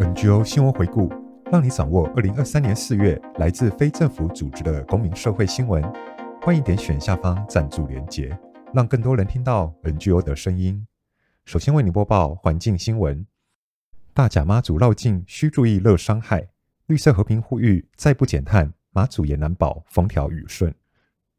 NGO 新聞回顧，讓你掌握二零二三年四月來自非政府組織的公民社會新聞。歡迎點選下方贊助連結，讓更多人聽到 NGO 的聲音。首先為你播報環境新聞：大甲媽祖繞境需注意熱傷害，綠色和平呼籲再不減碳，媽祖也難保風調雨順。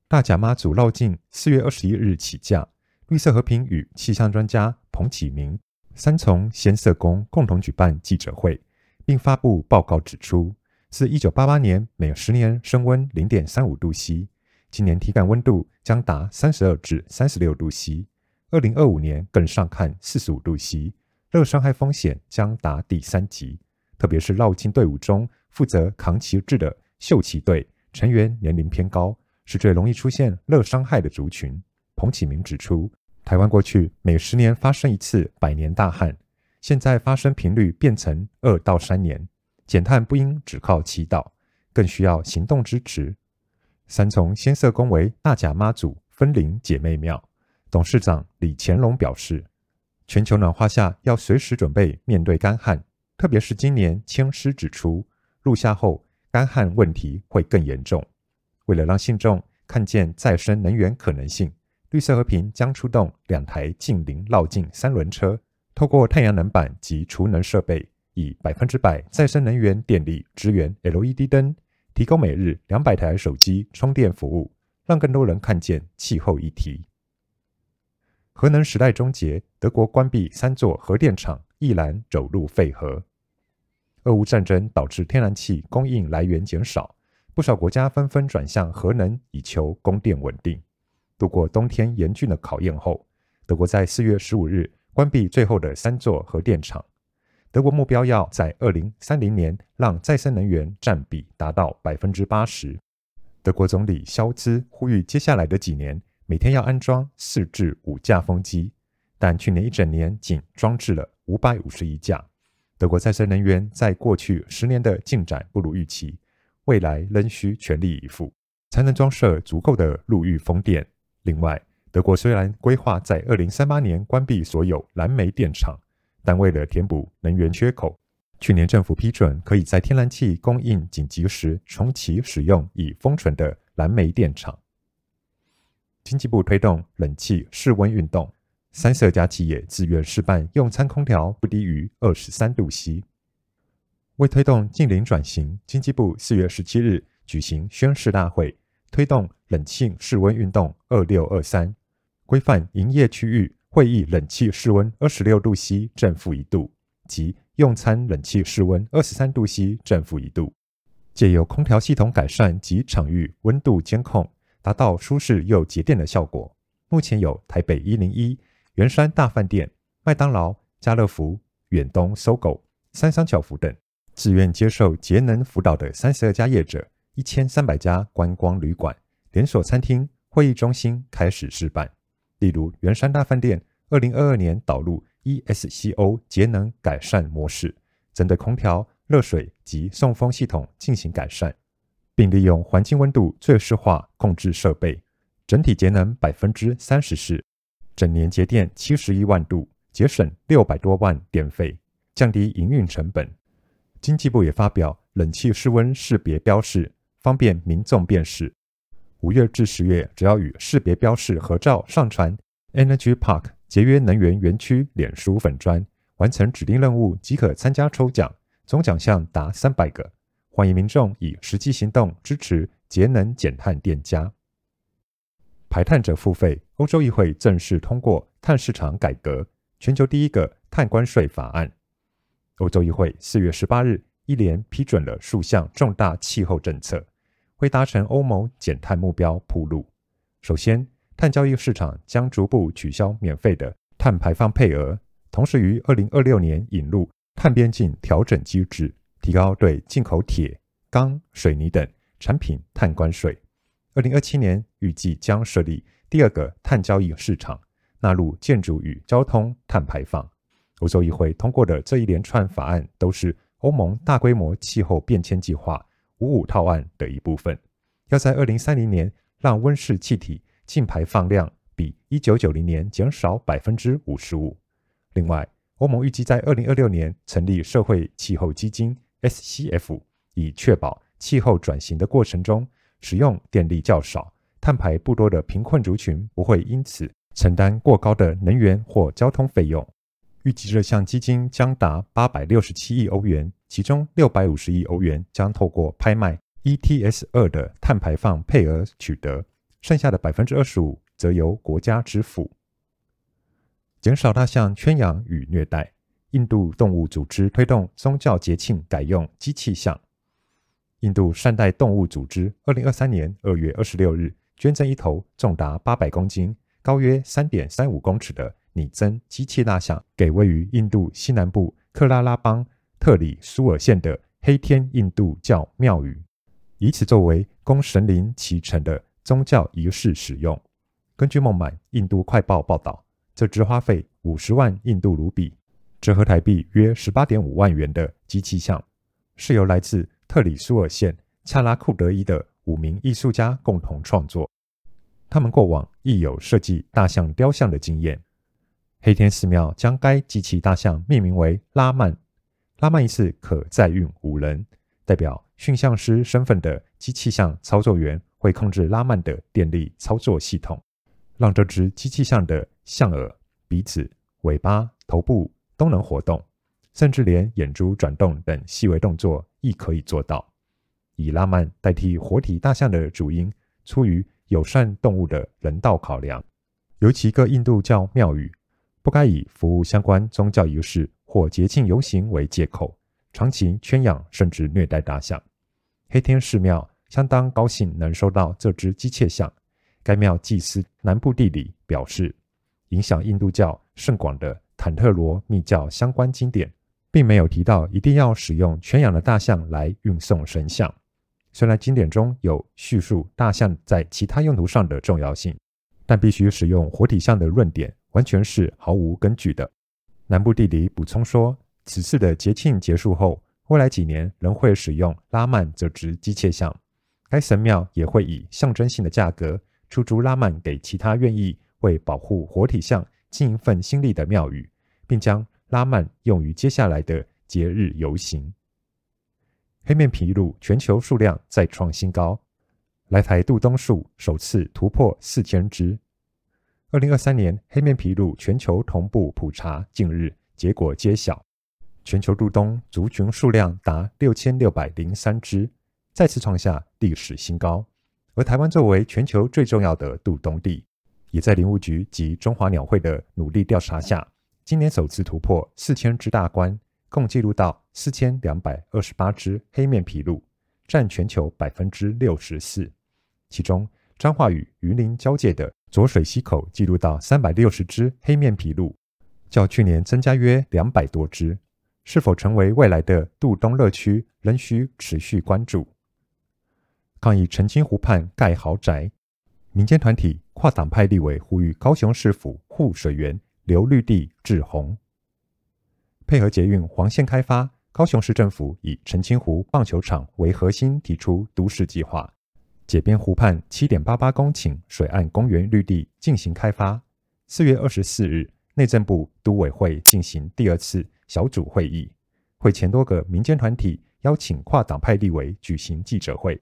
大甲媽祖繞境四月二十一日起駕，綠色和平與氣象專家彭啟明。三重先嗇宮共同舉辦記者會，並發布報告指出，自1988年每十年升溫0.35度 C，今年體感溫度將達32至36度 C，2025 年更上看45度 C，熱傷害風險將達第三級。特別是繞境隊伍中負責扛旗幟的繡旗隊成員年齡偏高，是最容易出現熱傷害的族群。彭啟明指出。台灣過去每十年發生一次百年大旱，現在發生頻率變成二到三年。減碳不應只靠祈禱，更需要行動支持。三重先嗇宮為大甲媽祖分靈姐妹廟，董事長李乾龍表示，全球暖化下要隨時準備面對乾旱，特別是今年。青獅指出，入夏後乾旱問題會更嚴重。為了讓信眾看見再生能源可能性。綠色和平將出動兩臺近零遶境三輪車，透過太陽能板及儲能設備，以百分之百再生能源電力支援 LED 燈，提供每日兩百臺手機充電服務，讓更多人看見氣候議題。核能時代終結，德國關閉三座核電廠，毅然走入廢核。俄烏戰爭導致天然氣供應來源減少，不少國家紛紛轉向核能以求供電穩定。度過冬天嚴峻的考驗後，德國在四月十五日關閉最後的三座核電廠。德國目標要在二零三零年讓再生能源佔比達到百分之八十。德國總理肖茲呼籲，接下來的幾年每天要安裝四至五架風機，但去年一整年僅裝置了五百五十一架。德國再生能源在過去十年的進展不如預期，未來仍需全力以赴，才能裝設足夠的陸域風電。另外，德國雖然規劃在二零三八年關閉所有燃煤電廠，但為了填補能源缺口，去年政府批准可以在天然氣供應緊急時重啟使用已封存的燃煤電廠。經濟部推動冷氣適溫運動，三十二家企業自願試辦用餐空調不低於二十三度 C。為推動近零轉型，經濟部四月十七日舉行宣示大會，推動。冷氣適溫運動二六二三，規範營業區域會議冷氣室溫二十六度 C 正負一度，及用餐冷氣室溫二十三度 C 正負一度。借由空調系統改善及場域溫度監控，達到舒適又節電的效果。目前有台北一零一、圓山大飯店、麥當勞、家樂福、遠東 SOGO、三商巧福等，自願接受節能輔導的三十二家業者，一千三百家觀光旅館連鎖餐廳、會議中心開始試辦，例如圓山大飯店，二零二二年導入 ESCO 節能改善模式，針對空調、熱水及送風系統進行改善，並利用環境溫度最適化控制設備，整體節能百分之三十四，整年節電七十一萬度，節省六百多萬電費，降低營運成本。經濟部也發表冷氣室溫識別標示，方便民眾辨識。五月至十月，只要與識別標識合照上傳，Energy Park 節約能源園區臉書粉專，完成指定任務即可參加抽獎，總獎項達三百個，歡迎民眾以實際行動支持節能減碳店家。排碳者付費，歐洲議會正式通過碳市場改革，全球第一個碳關稅法案。歐洲議會四月十八日一連批准了數項重大氣候政策。會達成歐盟減碳目標鋪路。首先，碳交易市場將逐步取消免費的碳排放配額，同時於2026年引入碳邊境調整機制，提高對進口鐵、鋼、水泥等產品碳關稅。2027年預計將設立第二個碳交易市場，納入建築與交通碳排放。歐洲議會通過的這一連串法案，都是歐盟大規模氣候變遷計劃。五五套案的一部分，要在二零三零年讓溫室氣體淨排放量比一九九零年減少百分之五十五。另外，歐盟預計在二零二六年成立社會氣候基金 （SCF），以確保氣候轉型的過程中，使用電力較少、碳排不多的貧困族群不會因此承擔過高的能源或交通費用。預計這項基金將達八百六十七億歐元。其中六百五十億歐元將透過拍賣 ETS 二的碳排放配額取得，剩下的百分之二十五則由國家支付。減少大象圈養與虐待，印度動物組織推動宗教節慶改用機器象。印度善待動物組織二零二三年二月二十六日捐贈一頭重達八百公斤、高約三點三五公尺的擬真機器大象，給位於印度西南部克拉拉邦。特里蘇爾縣的黑天印度教廟宇，以此作為供神靈騎乘的宗教儀式使用。根據孟買印度快報報道，這隻花費五十萬印度盧比（折合台幣約十八點五萬元）的機器象是由來自特里蘇爾縣恰拉庫德伊的五名藝術家共同創作。他們過往亦有設計大象雕像的經驗。黑天寺廟將該機器大象命名為拉曼。拉曼一次可載運五人，代表馴象師身份的機器象操作員會控制拉曼的電力操作系統，讓這隻機器象的象耳、鼻子、尾巴、頭部都能活動，甚至連眼珠轉動等細微動作亦可以做到。以拉曼代替活體大象的主因，出於友善動物的人道考量，尤其各印度教廟宇不該以服務相關宗教儀式。或節慶遊行為借口，長期圈養甚至虐待大象。黑天寺廟相當高興能收到這隻機械象。該廟祭司南部地理表示，影響印度教甚廣的坦特羅密教相關經典，並沒有提到一定要使用圈養的大象來運送神像。雖然經典中有敘述大象在其他用途上的重要性，但必須使用活體象的論點完全是毫無根據的。南部地理補充說，此次的節慶結束後，未來幾年仍會使用拉曼這尊機械像。該神廟也會以象徵性的價格出租拉曼給其他願意為保護活體像盡一份心力的廟宇，並將拉曼用於接下來的節日遊行。黑面琵鷺全球數量再創新高，來台度冬數首次突破四千隻。二零二三年黑面琵鷺全球同步普查近日結果揭曉，全球渡冬族群數量達六千六百零三隻，再次創下歷史新高。而台灣作為全球最重要的渡冬地，也在林務局及中華鳥會的努力調查下，今年首次突破四千隻大關，共記錄到四千兩百二十八隻黑面琵鷺，占全球百分之六十四。其中彰化與雲林交界的濁水溪口記錄到三百六十隻黑面琵鷺，較去年增加約兩百多隻，是否成為未來的渡冬樂區仍需持續關注。抗議澄清湖畔蓋豪宅，民間團體、跨黨派立委呼籲高雄市府護水源、留綠地、滯洪。配合捷運黃線開發，高雄市政府以澄清湖棒球場為核心提出都市計劃。解編湖畔七點八八公頃水岸公園綠地進行開發。四月二十四日，內政部都委會進行第二次小組會議。會前多個民間團體邀請跨黨派立委舉行記者會，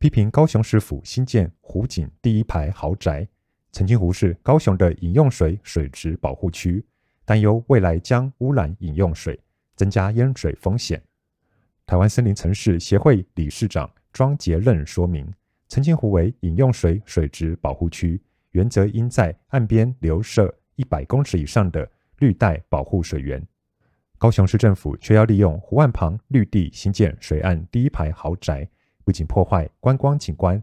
批評高雄市府新建湖景第一排豪宅。澄清湖是高雄的飲用水水質保護區，擔憂未來將污染飲用水，增加淹水風險。台灣森林城市協會理事長，莊結論說明，澄清湖為飲用水水質保護區，原則應在岸邊留設一百公尺以上的綠帶保護水源。高雄市政府卻要利用湖岸旁綠地興建水岸第一排豪宅，不僅破壞觀光景觀，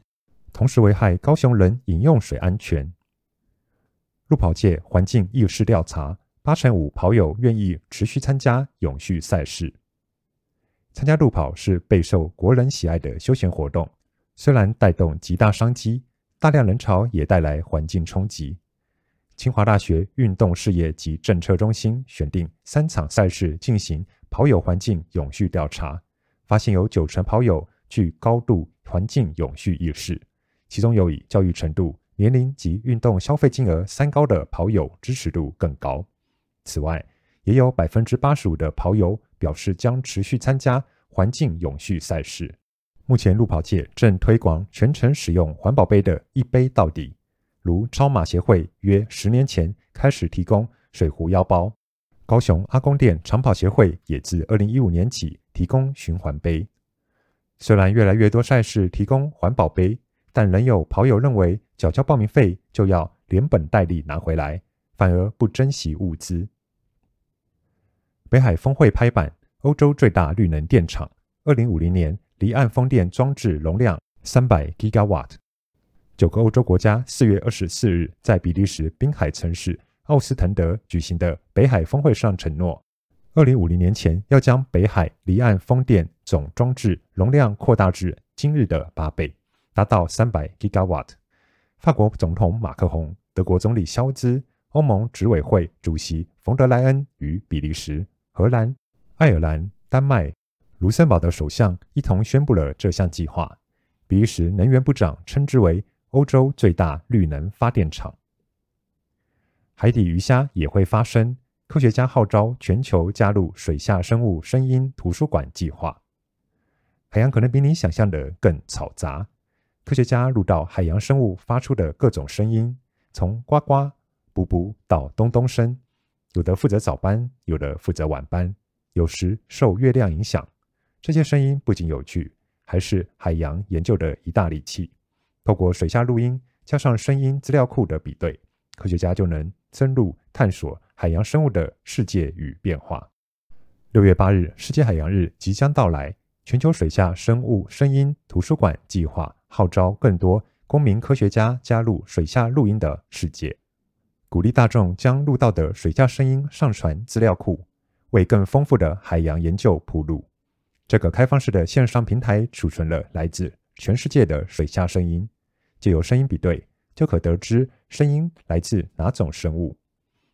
同時危害高雄人飲用水安全。路跑界環境意識調查，八成五跑友願意持續參加永續賽事。參加路跑是備受國人喜愛的休閒活動，雖然帶動極大商機，大量人潮也帶來環境衝擊。清華大學運動事業及政策中心選定三場賽事進行跑友環境永續調查，發現有九成跑友具高度環境永續意識，其中有以教育程度、年齡及運動消費金額三高的跑友支持度更高。此外，也有百分之八十五的跑友，表示將持續參加環境永續賽事。目前路跑界正推廣全程使用環保杯的“一杯到底”，如超馬協會約十年前開始提供水壺腰包，高雄阿公店長跑協會也自二零一五年起提供循環杯。雖然越來越多賽事提供環保杯，但仍有跑友認為繳交報名費就要連本帶利拿回來，反而不珍惜物資。北海峰會拍板，歐洲最大綠能電廠，二零五零年離岸風電裝置容量三百 gigawatt。九個歐洲國家四月二十四日在比利時濱海城市奧斯騰德舉行的北海峰會上承諾，二零五零年前要將北海離岸風電總裝置容量擴大至今日的八倍，達到三百 gigawatt。法國總統馬克宏、德國總理肖茲、歐盟執委會主席馮德萊恩與比利時。荷蘭、愛爾蘭、丹麥、盧森堡的首相一同宣布了這項計劃。比利時能源部長稱之為“歐洲最大綠能發電廠”。海底魚蝦也會發聲，科學家號召全球加入“水下生物聲音圖書館”計劃。海洋可能比你想象的更嘈雜。科學家錄到海洋生物發出的各種聲音，從呱呱、卟卟到咚咚聲。有的負責早班，有的負責晚班，有時受月亮影響。這些聲音不僅有趣，還是海洋研究的一大利器。透過水下錄音加上聲音資料庫的比對，科學家就能深入探索海洋生物的世界與變化。六月八日，世界海洋日即將到來，全球水下生物聲音圖書館計劃號召更多公民科學家加入水下錄音的世界。鼓勵大眾將錄到的水下聲音上傳資料庫，為更豐富的海洋研究鋪路。這個開放式的線上平台儲存了來自全世界的水下聲音，借由聲音比對，就可得知聲音來自哪種生物。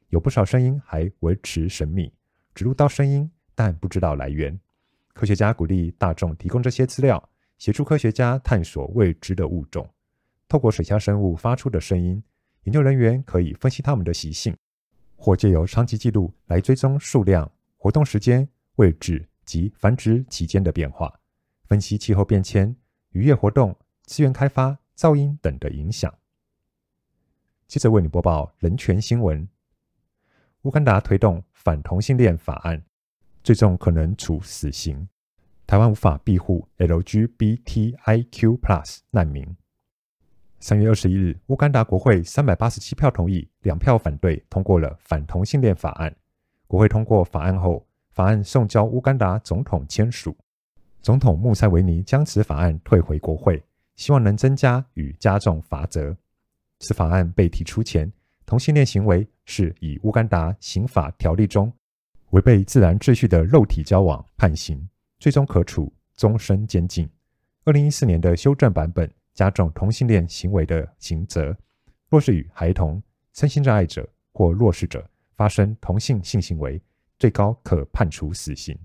有不少聲音還維持神秘，只錄到聲音，但不知道來源。科學家鼓勵大眾提供這些資料，協助科學家探索未知的物種。透過水下生物發出的聲音。研究人員可以分析它們的習性，或借由長期記錄來追蹤數量、活動時間、位置及繁殖期間的變化，分析氣候變遷、漁業活動、資源開發、噪音等的影響。接着為你播報人權新聞：烏干達推動反同性戀法案，最重可能處死刑；台灣無法庇護 LGBTIQ+ PLUS 難民。三月二十一日，烏干達國會三百八十七票同意，兩票反對，通過了反同性戀法案。國會通過法案後，法案送交烏干達總統簽署。總統穆塞維尼將此法案退回國會，希望能增加與加重罰則。此法案被提出前，同性戀行為是以烏干達刑法條例中違背自然秩序的肉體交往判刑，最終可處終身監禁。二零一四年的修正版本，加重同性戀行為的刑責，若是與孩童、身心障礙者或弱勢者發生同性性行為，最高可判處死刑。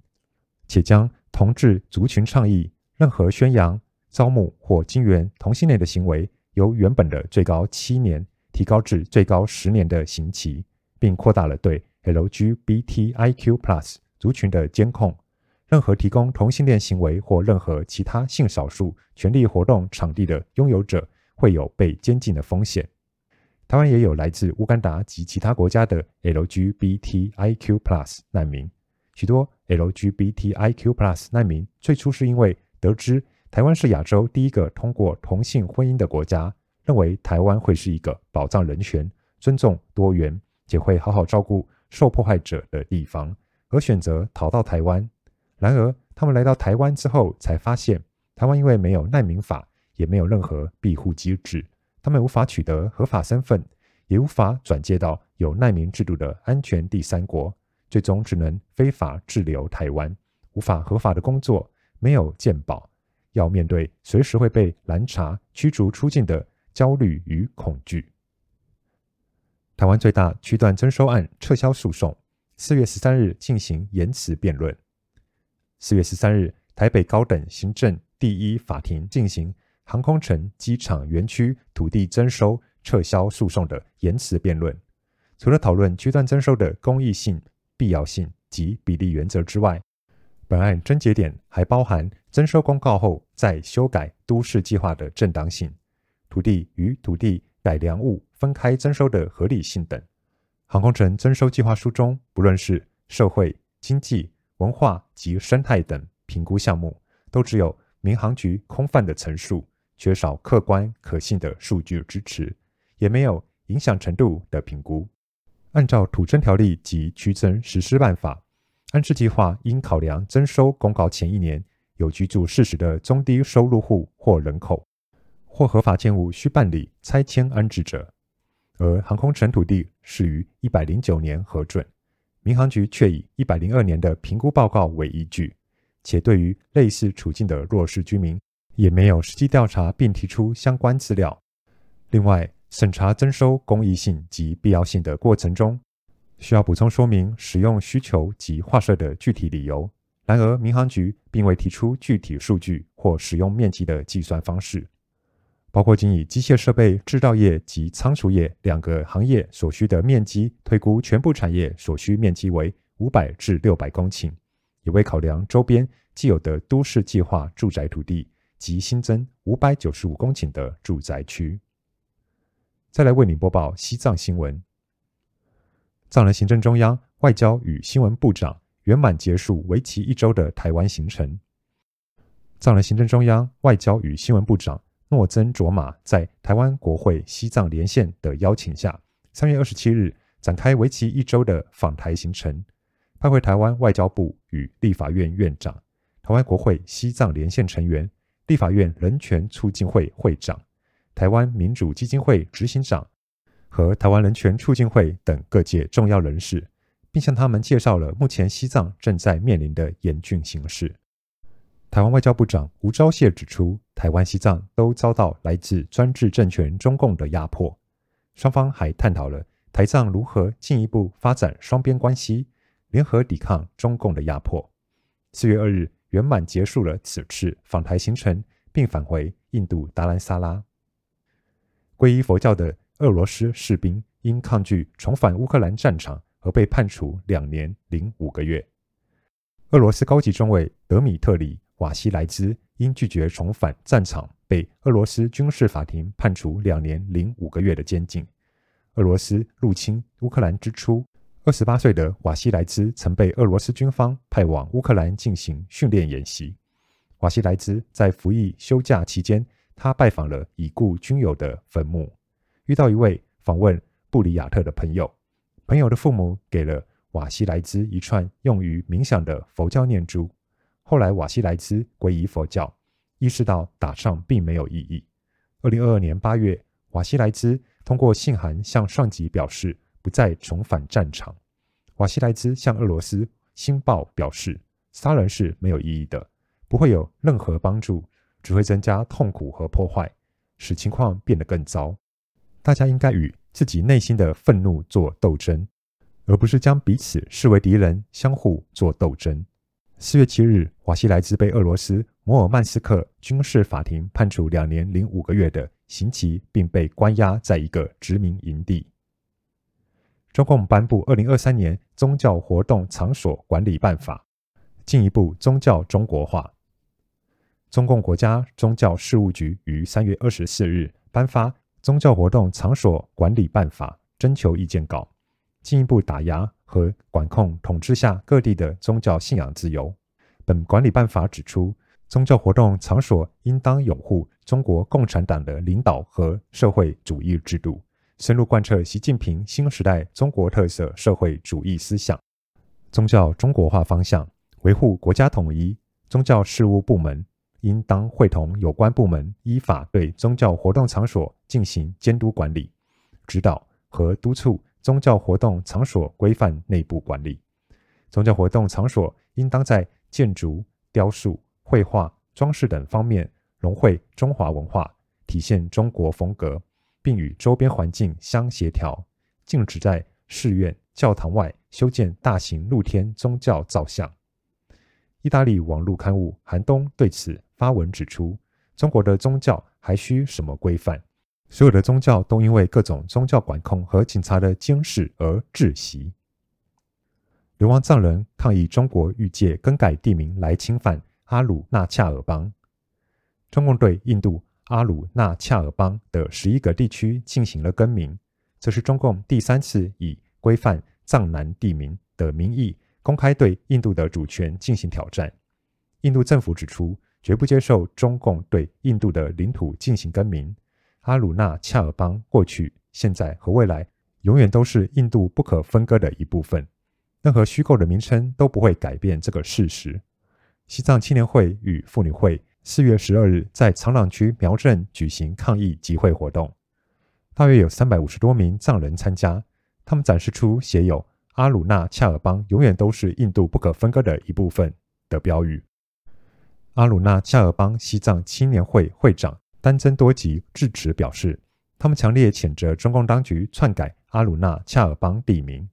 且將同志族群倡議、任何宣揚、招募或經援同性戀的行為，由原本的最高七年提高至最高十年的刑期，並擴大了對 LGBTIQ+ plus 族群的監控。任何提供同性戀行為或任何其他性少數權利活動場地的擁有者，會有被監禁的風險。台灣也有來自烏干達及其他國家的 LGBTIQ+ 難民。許多 LGBTIQ+ 難民最初是因為得知台灣是亞洲第一個通過同性婚姻的國家，認為台灣會是一個保障人權、尊重多元且會好好照顧受迫害者的地方，而選擇逃到台灣。然而，他們來到台灣之後，才發現台灣因為沒有難民法，也沒有任何庇護機制，他們無法取得合法身份，也無法轉接到有難民制度的安全第三國，最終只能非法滯留台灣，無法合法的工作，沒有健保，要面對隨時會被攔查、驅逐出境的焦慮與恐懼。台灣最大區段徵收案撤銷訴訟，四月十三日進行言詞辯論。四月十三日，台北高等行政第一法庭進行航空城機場園區土地徵收撤銷訴訟的言詞辯論。除了討論區段徵收的公益性、必要性及比例原則之外，本案爭執點還包含徵收公告後再修改都市計劃的正當性、土地與土地改良物分開徵收的合理性等。航空城徵收計劃書中，不論是社會、經濟，文化及生態等評估項目，都只有民航局空泛的陳述，缺少客觀可信的數據支持，也沒有影響程度的評估。按照土徵條例及區徵實施辦法，安置計劃應考量徵收公告前一年有居住事實的中低收入戶或人口，或合法建物需辦理拆遷安置者。而航空城土地是於一百零九年核准。民航局卻以一百零二年的評估報告為依據，且對於類似處境的弱勢居民，也沒有實際調查並提出相關資料。另外，審查徵收公益性及必要性的過程中，需要補充說明使用需求及劃設的具體理由。然而，民航局並未提出具體數據或使用面積的計算方式。包括僅以機械設備制造業及倉儲業兩個行業所需的面積推估，全部產業所需面積為五百至六百公頃，也未考量周邊既有的都市計劃住宅土地及新增五百九十五公頃的住宅區。再來為您播報西藏新聞：藏人行政中央外交與新聞部長圓滿結束為期一周的台灣行程。藏人行政中央外交與新聞部長。諾增卓瑪在台灣國會西藏連線的邀請下，三月二十七日展開為期一周的訪台行程，拜會台灣外交部與立法院院長、台灣國會西藏連線成員、立法院人權促進會會長、台灣民主基金會執行長和台灣人權促進會等各界重要人士，並向他們介紹了目前西藏正在面臨的嚴峻形勢。台灣外交部長吳釗燮指出，台灣西藏都遭到來自專制政權中共的壓迫。雙方還探討了台藏如何進一步發展雙邊關係，聯合抵抗中共的壓迫。四月二日圓滿結束了此次訪台行程，並返回印度達蘭薩拉。皈依佛教的俄羅斯士兵因抗拒重返烏克蘭戰場而被判處兩年零五個月。俄羅斯高級中尉德米特里。瓦西萊茲因拒絕重返戰場，被俄羅斯軍事法庭判處兩年零五個月的監禁。俄羅斯入侵烏克蘭之初，二十八歲的瓦西萊茲曾被俄羅斯軍方派往烏克蘭進行訓練演習。瓦西萊茲在服役休假期間，他拜訪了已故軍友的墳墓，遇到一位訪問布裡亞特的朋友。朋友的父母給了瓦西萊茲一串用於冥想的佛教念珠。後來，瓦西萊茲皈依佛教，意識到打仗並沒有意義。二零二二年八月，瓦西萊茲通過信函向上級表示不再重返戰場。瓦西萊茲向俄羅斯《新報》表示，殺人是沒有意義的，不會有任何幫助，只會增加痛苦和破壞，使情況變得更糟。大家應該與自己內心的憤怒做鬥爭，而不是將彼此視為敵人，相互做鬥爭。四月七日，瓦西萊茲被俄羅斯摩爾曼斯克軍事法庭判處兩年零五個月的刑期，並被關押在一個殖民營地。中共頒布《二零二三年宗教活動場所管理辦法》，進一步宗教中國化。中共國家宗教事務局於三月二十四日頒發《宗教活動場所管理辦法》徵求意見稿，進一步打壓。和管控統治下各地的宗教信仰自由。本管理辦法指出，宗教活動場所應當擁護中國共產黨的領導和社會主義制度，深入貫徹習近平新時代中國特色社會主義思想，宗教中國化方向，維護國家統一。宗教事務部門應當會同有關部門依法對宗教活動場所進行監督管理、指導和督促。宗教活動場所規範內部管理。宗教活動場所應當在建築、雕塑、繪畫、裝飾等方面融匯中華文化，體現中國風格，並與周邊環境相協調。禁止在寺院、教堂外修建大型露天宗教造像。意大利網絡刊物寒冬對此發文指出：“中國的宗教還需什麼規範？”所有的宗教都因為各種宗教管控和警察的監視而窒息。流亡藏人抗議中國欲借更改地名來侵犯阿魯納恰爾邦。中共對印度阿魯納恰爾邦的十一個地區進行了更名，這是中共第三次以規範藏南地名的名義公開對印度的主權進行挑戰。印度政府指出，絕不接受中共對印度的領土進行更名。阿魯納恰爾邦過去、現在和未來永遠都是印度不可分割的一部分。任何虛構的名稱都不會改變這個事實。西藏青年會與婦女會四月十二日在長朗區苗鎮舉行抗議集會活動，大約有三百五十多名藏人參加。他們展示出寫有“阿魯納恰爾邦永遠都是印度不可分割的一部分”的標語。阿魯納恰爾邦西藏青年會會長，丹增多吉致辭表示，他們強烈譴責中共當局篡改阿魯納恰爾邦地名。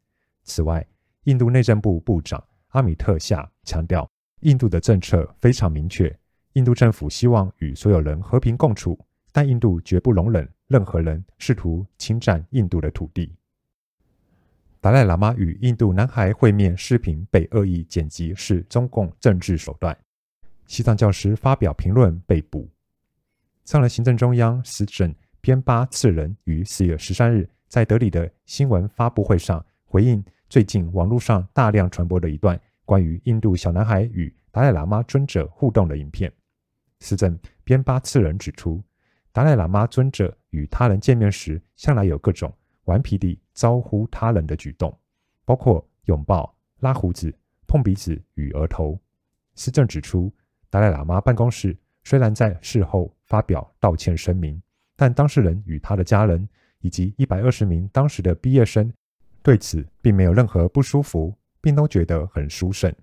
此外，印度內政部部長阿米特夏強調，印度的政策非常明確，印度政府希望與所有人和平共處，但印度絕不容忍任何人試圖侵占印度的土地。達賴喇嘛與印度男孩會面視頻被惡意剪輯，是中共政治手段。西藏教師發表評論被捕。藏人行政中央司政邊巴次仁於四月十三日在德里的新聞發布會上回應，最近網絡上大量傳播的一段關於印度小男孩與達賴喇嘛尊者互動的影片。司政邊巴次仁指出，達賴喇嘛尊者與他人見面時，向來有各種頑皮地招呼他人的舉動，包括擁抱、拉鬍子、碰鼻子與額頭。司政指出，達賴喇嘛辦公室雖然在事後，發表道歉聲明，但當事人與他的家人以及一百二十名當時的畢業生對此並沒有任何不舒服，並都覺得很殊勝。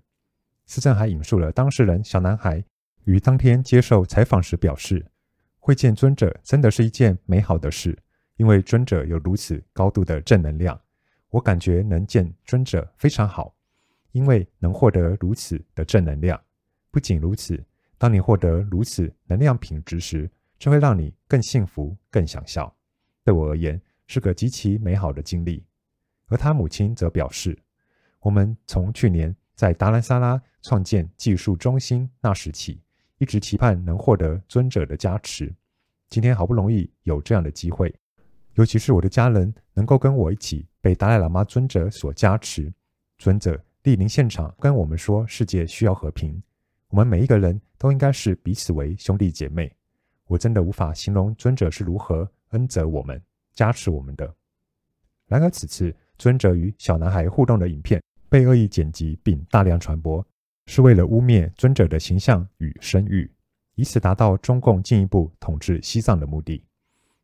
司政還引述了當事人小男孩於當天接受採訪時表示：會見尊者真的是一件美好的事，因為尊者有如此高度的正能量，我感覺能見尊者非常好，因為能獲得如此的正能量。不僅如此。當你獲得如此能量品質時，這會讓你更幸福、更想笑。對我而言，是個極其美好的經歷。而他母親則表示：“我們從去年在達蘭薩拉創建技術中心那時起，一直期盼能獲得尊者的加持。今天好不容易有這樣的機會，尤其是我的家人能夠跟我一起被達賴喇嘛尊者所加持。尊者蒞臨現場，跟我們說：‘世界需要和平。’”我們每一個人都應該視彼此為兄弟姐妹。我真的無法形容尊者是如何恩澤我們、加持我們的。然而，此次尊者與小男孩互動的影片被惡意剪輯並大量傳播，是為了污衊尊者的形象與聲譽，以此達到中共進一步統治西藏的目的。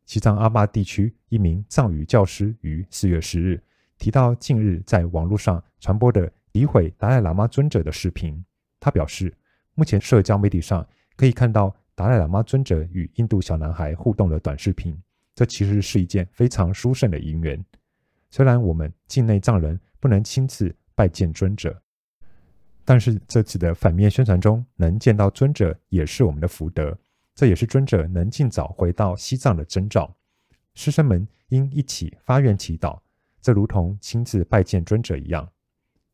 西藏阿壩地區一名藏語教師於四月十日提到，近日在網絡上傳播的詆毀達賴喇嘛尊者的視頻，他表示。目前社交媒體上可以看到達賴喇嘛尊者與印度小男孩互動的短視頻，這其實是一件非常殊勝的因緣。雖然我們境內藏人不能親自拜見尊者，但是這次的反面宣傳中能見到尊者，也是我們的福德。這也是尊者能盡早回到西藏的徵兆。師生們應一起發願祈禱，這如同親自拜見尊者一樣。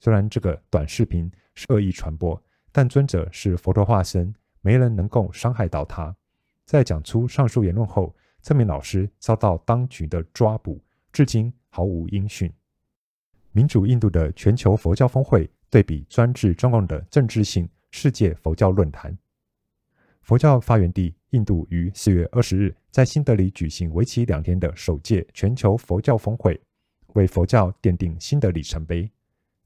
雖然這個短視頻是惡意傳播。但尊者是佛陀化身，沒人能夠傷害到他。在講出上述言論後，這名老師遭到當局的抓捕，至今毫無音訊。民主印度的全球佛教峰會對比專制中共的政治性世界佛教論壇。佛教發源地印度於四月二十日在新德里舉行為期兩天的首屆全球佛教峰會，為佛教奠定新的里程碑。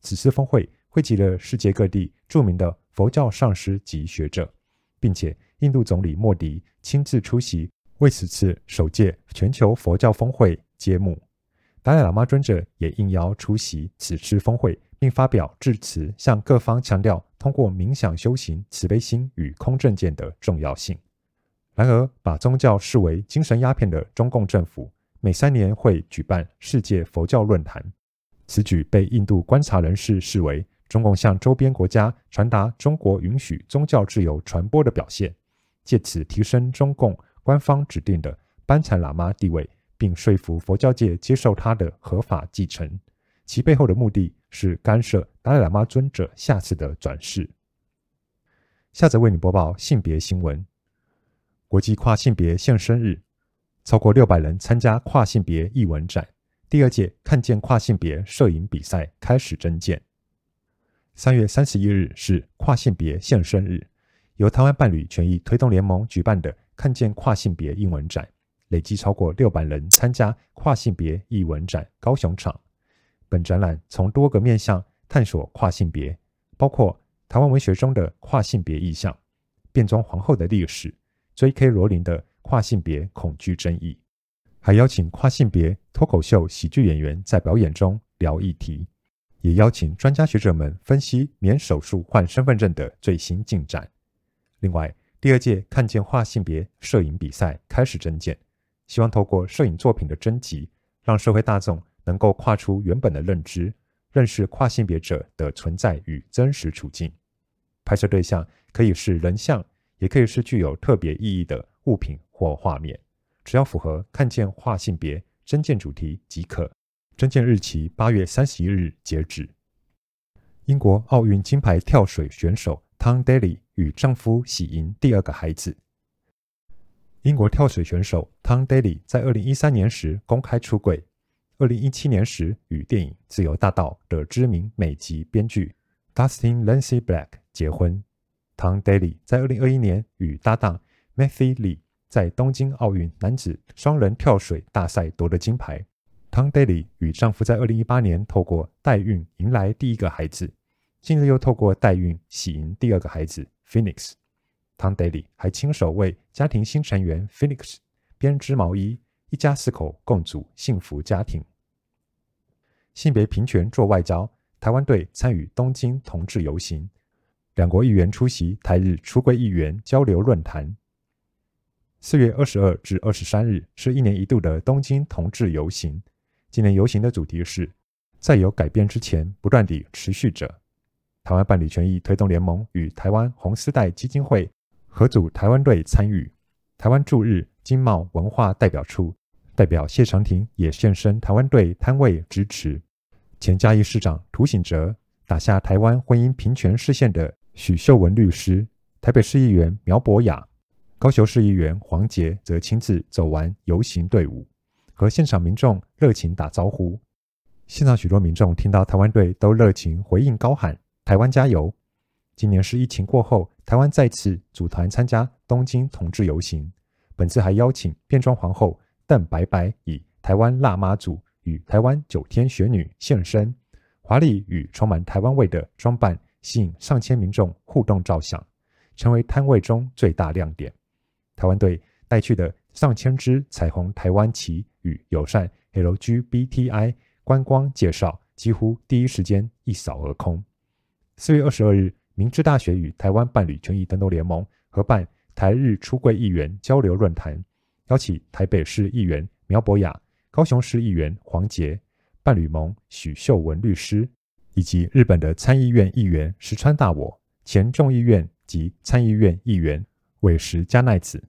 此次峰會。匯集了世界各地著名的佛教上師及學者，並且印度總理莫迪親自出席，為此次首屆全球佛教峰會揭幕。達賴喇嘛尊者也應邀出席此次峰會，並發表致辭，向各方強調通過冥想修行、慈悲心與空正見的重要性。然而，把宗教視為精神鴉片的中共政府，每三年會舉辦世界佛教論壇，此舉被印度觀察人士視為，中共向周邊國家傳達中國允許宗教自由傳播的表現，借此提升中共官方指定的班禪喇嘛地位，並說服佛教界接受他的合法繼承。其背後的目的是干涉達賴喇嘛尊者下次的轉世。下則為你播報性別新聞：國際跨性別現身日，超過六百人參加跨性別藝文展，第二屆看見跨性別攝影比賽開始徵件。三月三十一日是跨性別現身日，由台灣伴侶權益推動聯盟舉辦的“看見跨性別”藝文展，累計超過六百人參加跨性別藝文展高雄場。本展覽從多個面向探索跨性別，包括台灣文學中的跨性別意象、變裝皇後的歷史、J.K. 羅琳的跨性別恐懼爭議，還邀請跨性別脫口秀喜劇演員在表演中聊議題。也邀請專家學者們分析免手術換身份證的最新進展。另外，第二屆看見跨性別攝影比賽開始徵件，希望透過攝影作品的徵集，讓社會大眾能夠跨出原本的認知，認識跨性別者的存在與真實處境。拍攝對象可以是人像，也可以是具有特別意義的物品或畫面，只要符合看見跨性別徵件主題即可。徵件日期八月三十一日截止。英國奧運金牌跳水選手湯·戴利與丈夫喜迎第二個孩子。英國跳水選手湯·戴利在二零一三年時公開出櫃，二零一七年時與電影《自由大道》的知名美籍編劇 Dustin Lacey Black 結婚。湯·戴利在二零二一年與搭檔 Matty Lee 在東京奧運男子雙人跳水大賽奪得金牌。湯黛里與丈夫在2018年透過代孕迎，迎來第一個孩子，近日又透過代孕喜迎第二個孩子 Phoenix。湯黛里還親手為家庭新成員 Phoenix 編織毛衣，一家四口共組幸福家庭。性別平權做外交，台灣隊參與東京同志遊行，兩國議員出席台日出櫃議員交流論壇。四月二十二至二十三日是一年一度的東京同志遊行。今年遊行的主題是“在有改變之前，不斷地持續著”。台灣伴侶權益推動聯盟與台灣紅絲帶基金會合組台灣隊參與。台灣駐日經貿文化代表處代表謝長廷也現身台灣隊攤位支持。前嘉義市長涂醒哲、打下台灣婚姻平權釋憲的許秀文律師、台北市議員苗博雅、高雄市議員黃杰則親自走完遊行隊伍。和現場民眾熱情打招呼，現場許多民眾聽到台灣隊都熱情回應高喊“台灣加油”。今年是疫情過後，台灣再次組團參加東京同志遊行，本次還邀請變裝皇后鄧白白以「台灣辣媽祖」與台灣九天玄女現身，華麗與充滿台灣味的裝扮吸引上千民眾互動照相，成為攤位中最大亮點，台灣隊帶去的上千支彩虹台灣旗，與友善 LGBTI 觀光介紹幾乎第一時間一掃而空。四月二十二日，明治大學與台灣伴侶權益推動聯盟合辦台日出櫃議員交流論壇，邀請台北市議員苗博雅、高雄市議員黃杰、伴侶盟許秀文律師，以及日本的參議院議員石川大我、前眾議院及參議院議員尾石加奈子、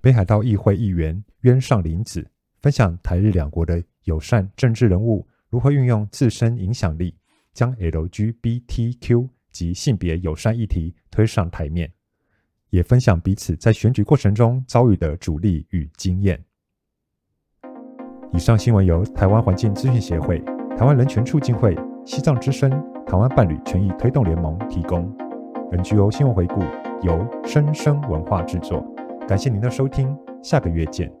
北海道議會議員淵上林子。分享台日兩國的友善政治人物如何運用自身影響力，將 LGBTQ 及性別友善議題推上台面，也分享彼此在選舉過程中遭遇的阻力與經驗。以上新聞由台灣環境資訊協會、台灣人權促進會、西藏之聲、台灣伴侶權益推動聯盟提供。NGO 新聞回顧由生聲文化製作，感謝您的收聽，下個月見。